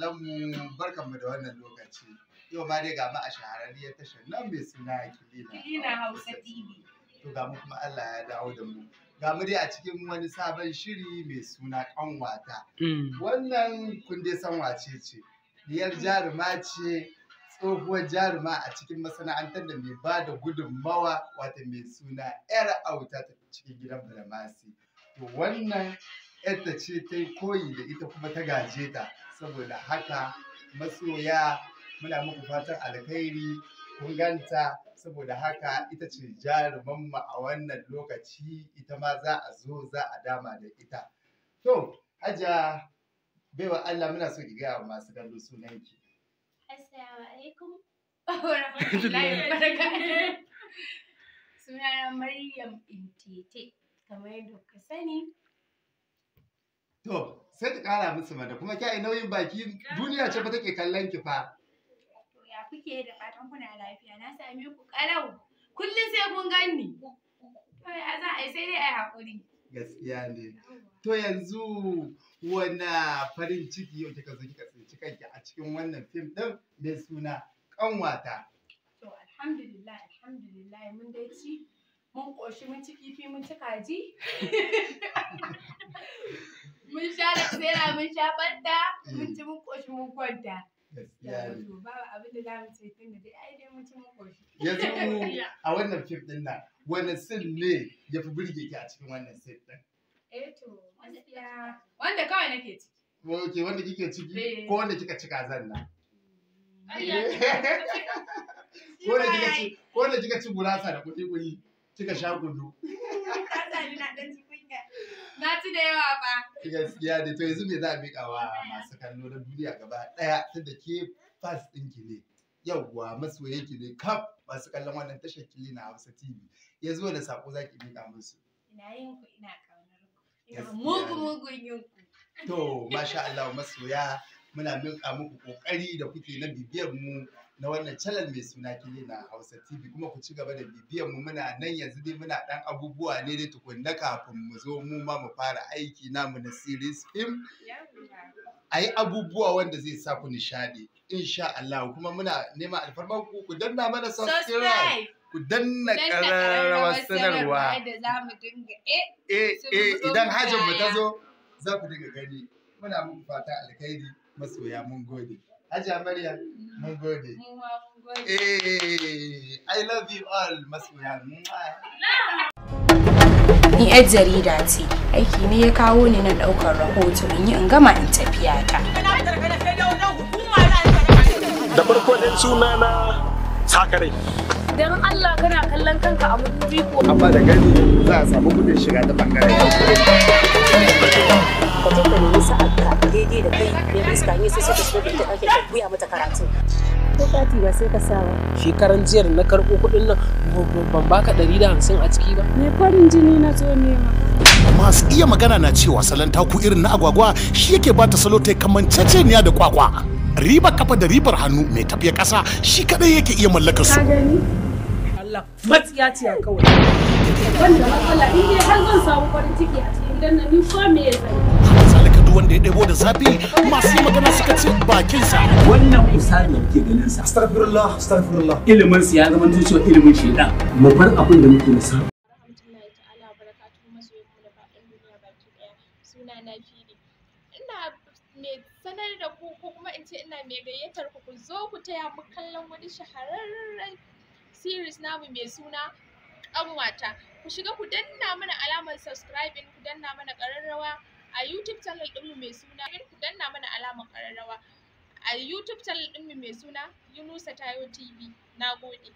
kallon mu barkan mu da wannan lokaci yau ma dai ga mu a shahararriyar tashar nan mai suna Kilina Kilina Hausa TV to ga mu kuma Allah ya dawo da mu ga mu dai a cikin wani sabon shiri mai suna kanwata mm. wannan kun dai san wace ce diyar jaruma ce tsohuwar jaruma a cikin masana'antar da mai ba da gudunmawa wata mai suna yar auta ta cikin gidan Balamasi to wannan yadda ce ta yi koyi da ita kuma ta gaje ta saboda haka masoya muna muku fatan alkhairi kun ganta saboda haka ita ce mu a wannan lokaci ita ma za a zo za a dama da ita to hajja baiwa Allah muna so ki gaya wa masu kallo sunan ki assalamu alaikum wa sunana Maryam Intete kamar yadda kuka sani To, sai ta ƙara musu mana kuma kya nauyin baki duniya ce ta take kallon ki fa. Ya kuke da fatan kuna lafiya na same ku ƙarau. Kullum sai kun ganni. To ya za a yi sai dai a yi haƙuri. Gaskiya ne. To yanzu wani farin ciki yau kika zo kika tsinci kanki a cikin wannan fim ɗin mai suna ƙanwata. To alhamdulillah alhamdulillah mun dai ci mun ƙoshi mun ci kifi mun ci kaji. mun sha da tsera mun sha fanta mm. mun ci mun koshi mun kwanta Ya abin mu a wannan fim din nan wani sin ne ya fi birge ki a cikin wannan sin din eh wanda kawai nake ciki Ok, wanda kike ciki eh. ko wanda kika cika zan nan. Mm. Eh. Ko wanda kika ci gurasa da kuɗi kuɗi kika sha gudu. su da yawa fa. Gaskiya to yanzu me za a miƙa wa masu kallo na duniya gaba ɗaya tunda ke fas ɗinki ne. masoya ki ne kaf masu kallon wannan tashar kili na Hausa TV. Ya zo da saƙo za ki miƙa musu. Ina yin ku ina ƙaunar ku. mugu mugun yin ku. To masha Allah masoya. muna miƙa muku ƙoƙari da kuke na bibiyar mu na wannan channel mai suna kile na Hausa TV kuma ku ci gaba da bibiyar mu muna nan yanzu dai muna dan abubuwa ne dai tukunna kafin mu zo mu ma mu fara aiki mu na series film a abubuwa wanda zai sa ku nishaɗi insha Allah kuma muna neman alfarmar ku ku danna mana subscribe ku danna ƙararrawar sanarwa eh eh, eh idan hajjin mu ta zo za ku dinga gani muna muku fata alkhairi masoya mun gode Hajiya Maryam mun gode. Eh, I love you all masoya. Ni yar jarida ce, aiki ne ya kawo ni na ɗaukar rahoto in yi in gama in tafiya ta. Da farko dai suna na sakarai. Dan Allah kana kallon kanka a mutubi ko. Amma da gani za a samu kudin shiga ta bangare. ka je ka nemi sa'arka daidai da kai ya fuska ne sai suka shiga da ake ka buya mata karatu ko kati ba sai ka sawa shekaran jiyar na karɓo kuɗin nan ban baka ɗari da hamsin a ciki ba me farin jini na zo nema masu iya magana na cewa salon taku irin na agwagwa shi yake bata salo ta kamanceceniya da kwakwa riba kafa da ribar hannu mai tafiya ƙasa shi kadai yake iya mallakar su Allah matsiya ce kawai wanda matsala in dai har zan samu farin ciki a cikin gidan nan ni ko me ya zai duk wanda ya ɗebo da zafi masu yi magana suka ce bakinsa wannan misali da muke ganin sa astaghfirullah astaghfirullah ilimin sa ya zama cewa ilimin shedan mu bar abin da muke da sa sunana fili ina mai sanar da ku ko kuma in ce ina mai gayyatar ku ku zo ku taya mu kallon wani shahararren series namu mai suna ƙanwata ku shiga ku danna mana alamar subscribing ku danna mana ƙararrawa a YouTube channel ɗinmu mai suna ku danna mana alamar ƙararrawa a YouTube channel ɗinmu mai suna Yunusa Tayo TV. Na gode.